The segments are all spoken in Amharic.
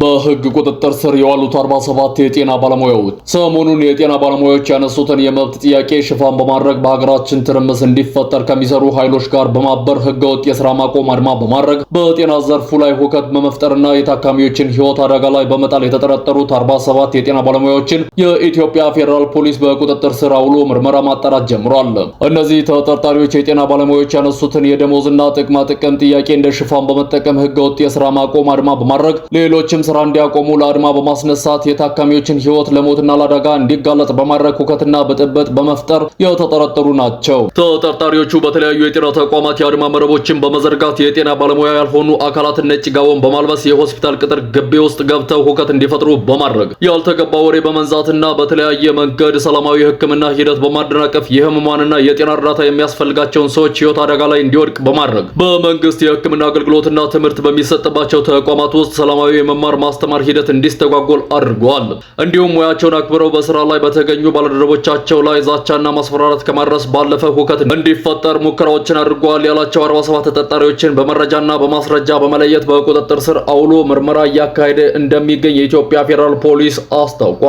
በህግ ቁጥጥር ስር የዋሉት 47 የጤና ባለሙያዎች ሰሞኑን የጤና ባለሙያዎች ያነሱትን የመብት ጥያቄ ሽፋን በማድረግ በሀገራችን ትርምስ እንዲፈጠር ከሚሰሩ ኃይሎች ጋር በማበር ህገወጥ የስራ ማቆም አድማ በማድረግ በጤና ዘርፉ ላይ ሁከት በመፍጠርና የታካሚዎችን ህይወት አደጋ ላይ በመጣል የተጠረጠሩት 47 የጤና ባለሙያዎችን የኢትዮጵያ ፌዴራል ፖሊስ በቁጥጥር ስር አውሎ ምርመራ ማጣራት ጀምሯል። እነዚህ ተጠርጣሪዎች የጤና ባለሙያዎች ያነሱትን የደሞዝና ጥቅማ ጥቅም ጥያቄ እንደ ሽፋን በመጠቀም ህገወጥ የስራ ማቆም አድማ በማድረግ ሌሎችም ስራ እንዲያቆሙ ለአድማ በማስነሳት የታካሚዎችን ህይወት ለሞትና ለአደጋ እንዲጋለጥ በማድረግ ሁከትና ብጥብጥ በመፍጠር የተጠረጠሩ ናቸው። ተጠርጣሪዎቹ በተለያዩ የጤና ተቋማት የአድማ መረቦችን በመዘርጋት የጤና ባለሙያ ያልሆኑ አካላትን ነጭ ጋቦን በማልበስ የሆስፒታል ቅጥር ግቢ ውስጥ ገብተው ሁከት እንዲፈጥሩ በማድረግ ያልተገባ ወሬ በመንዛትና በተለያየ መንገድ ሰላማዊ ህክምና ሂደት በማደናቀፍ የህሙማንና የጤና እርዳታ የሚያስፈልጋቸውን ሰዎች ህይወት አደጋ ላይ እንዲወድቅ በማድረግ በመንግስት የህክምና አገልግሎትና ትምህርት በሚሰጥባቸው ተቋማት ውስጥ ሰላማዊ የመማር ማስተማር ሂደት እንዲስተጓጎል አድርጓል። እንዲሁም ሙያቸውን አክብረው በስራ ላይ በተገኙ ባለደረቦቻቸው ላይ ዛቻና ማስፈራራት ከማድረስ ባለፈ ሁከት እንዲፈጠር ሙከራዎችን አድርጓል ያላቸው 47 ተጠርጣሪዎችን በመረጃና በማስረጃ በመለየት በቁጥጥር ስር አውሎ ምርመራ እያካሄደ እንደሚገኝ የኢትዮጵያ ፌዴራል ፖሊስ አስታውቋል።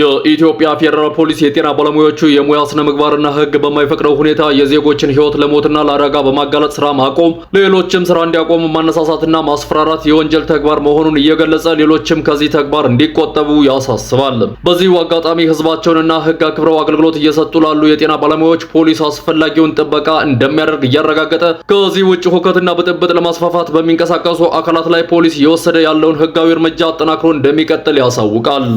የኢትዮጵያ ፌዴራል ፖሊስ የጤና ባለሙያዎቹ የሙያ ስነ ምግባርና ሕግ በማይፈቅደው ሁኔታ የዜጎችን ሕይወት ለሞትና ለአደጋ በማጋለጥ ስራ ማቆም፣ ሌሎችም ስራ እንዲያቆሙ ማነሳሳትና ማስፈራራት የወንጀል ተግባር መሆኑን እየገለጸ እየገለጸ ሌሎችም ከዚህ ተግባር እንዲቆጠቡ ያሳስባል። በዚሁ አጋጣሚ ህዝባቸውንና ህግ አክብረው አገልግሎት እየሰጡ ላሉ የጤና ባለሙያዎች ፖሊስ አስፈላጊውን ጥበቃ እንደሚያደርግ እያረጋገጠ ከዚህ ውጭ ሁከትና ብጥብጥ ለማስፋፋት በሚንቀሳቀሱ አካላት ላይ ፖሊስ እየወሰደ ያለውን ህጋዊ እርምጃ አጠናክሮ እንደሚቀጥል ያሳውቃል።